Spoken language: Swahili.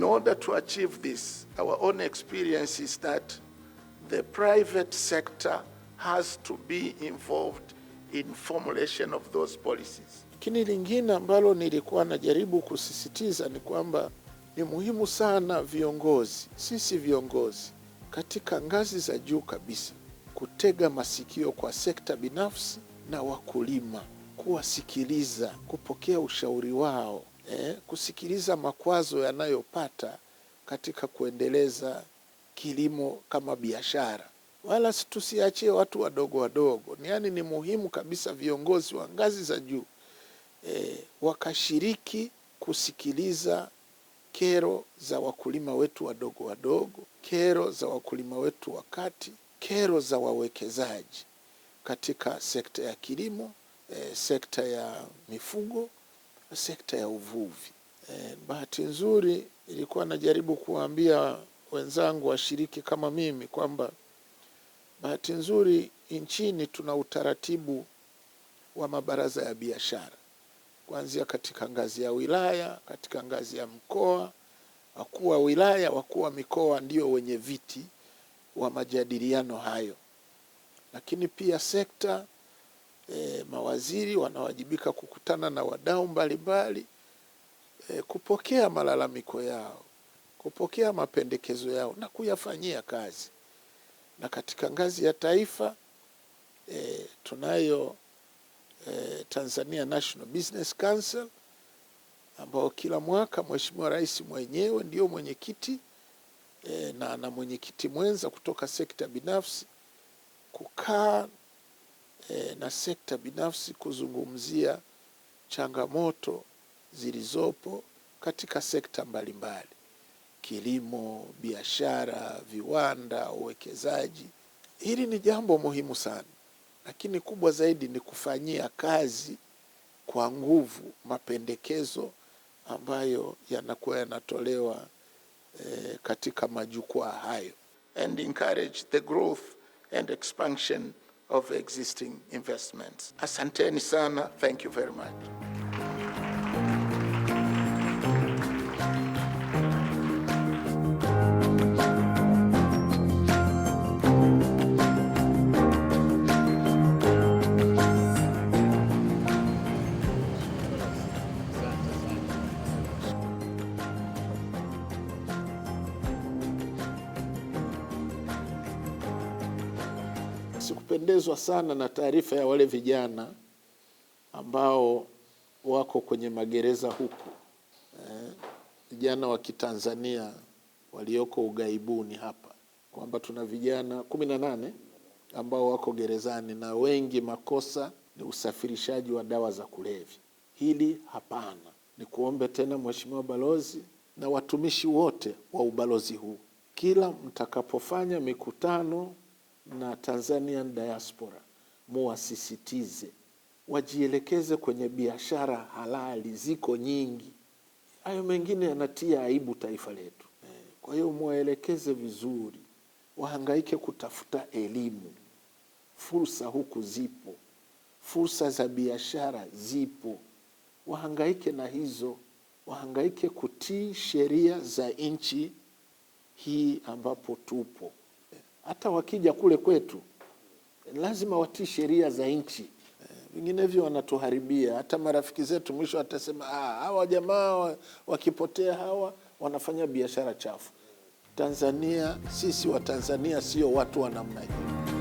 in order to achieve this, our own experience is that the private sector has to be involved in formulation of those policies. Lakini lingine ambalo nilikuwa najaribu kusisitiza ni kwamba ni muhimu sana viongozi, sisi viongozi katika ngazi za juu kabisa kutega masikio kwa sekta binafsi na wakulima, kuwasikiliza, kupokea ushauri wao eh, kusikiliza makwazo yanayopata katika kuendeleza kilimo kama biashara, wala tusiachie watu wadogo wadogo. Yaani ni muhimu kabisa viongozi wa ngazi za juu eh, wakashiriki kusikiliza kero za wakulima wetu wadogo wadogo, kero za wakulima wetu wa kati, kero za wawekezaji katika sekta ya kilimo, eh, sekta ya mifugo sekta ya uvuvi. E, bahati nzuri ilikuwa najaribu kuwaambia wenzangu washiriki kama mimi kwamba bahati nzuri nchini tuna utaratibu wa mabaraza ya biashara kuanzia katika ngazi ya wilaya, katika ngazi ya mkoa. Wakuu wa wilaya, wakuu wa mikoa ndio wenye viti wa majadiliano hayo, lakini pia sekta e, mawaziri wanawajibika kukutana na wadau mbalimbali e, kupokea malalamiko yao, kupokea mapendekezo yao na kuyafanyia kazi. Na katika ngazi ya taifa e, tunayo e, Tanzania National Business Council ambao kila mwaka Mheshimiwa Rais mwenyewe ndio mwenyekiti e, na na mwenyekiti mwenza kutoka sekta binafsi kukaa e, na sekta binafsi kuzungumzia changamoto zilizopo katika sekta mbalimbali mbali: kilimo, biashara, viwanda, uwekezaji. Hili ni jambo muhimu sana, lakini kubwa zaidi ni kufanyia kazi kwa nguvu mapendekezo ambayo yanakuwa yanatolewa eh, katika majukwaa hayo and encourage the growth and expansion of existing investments. Asanteni sana, thank you very much. sikupendezwa sana na taarifa ya wale vijana ambao wako kwenye magereza huku, eh, vijana wa Kitanzania walioko ugaibuni hapa, kwamba tuna vijana kumi na nane ambao wako gerezani na wengi makosa ni usafirishaji wa dawa za kulevya. Hili hapana. Ni kuombe tena Mheshimiwa Balozi na watumishi wote wa ubalozi huu, kila mtakapofanya mikutano na Tanzanian diaspora, muwasisitize wajielekeze kwenye biashara halali, ziko nyingi. Hayo mengine yanatia aibu taifa letu. Kwa hiyo mwaelekeze vizuri, wahangaike kutafuta elimu, fursa huku zipo, fursa za biashara zipo, wahangaike na hizo, wahangaike kutii sheria za nchi hii ambapo tupo hata wakija kule kwetu lazima watii sheria za nchi, vinginevyo wanatuharibia. Hata marafiki zetu mwisho watasema ah, hawa jamaa wakipotea hawa wanafanya biashara chafu. Tanzania, sisi Watanzania sio watu wa namna hiyo.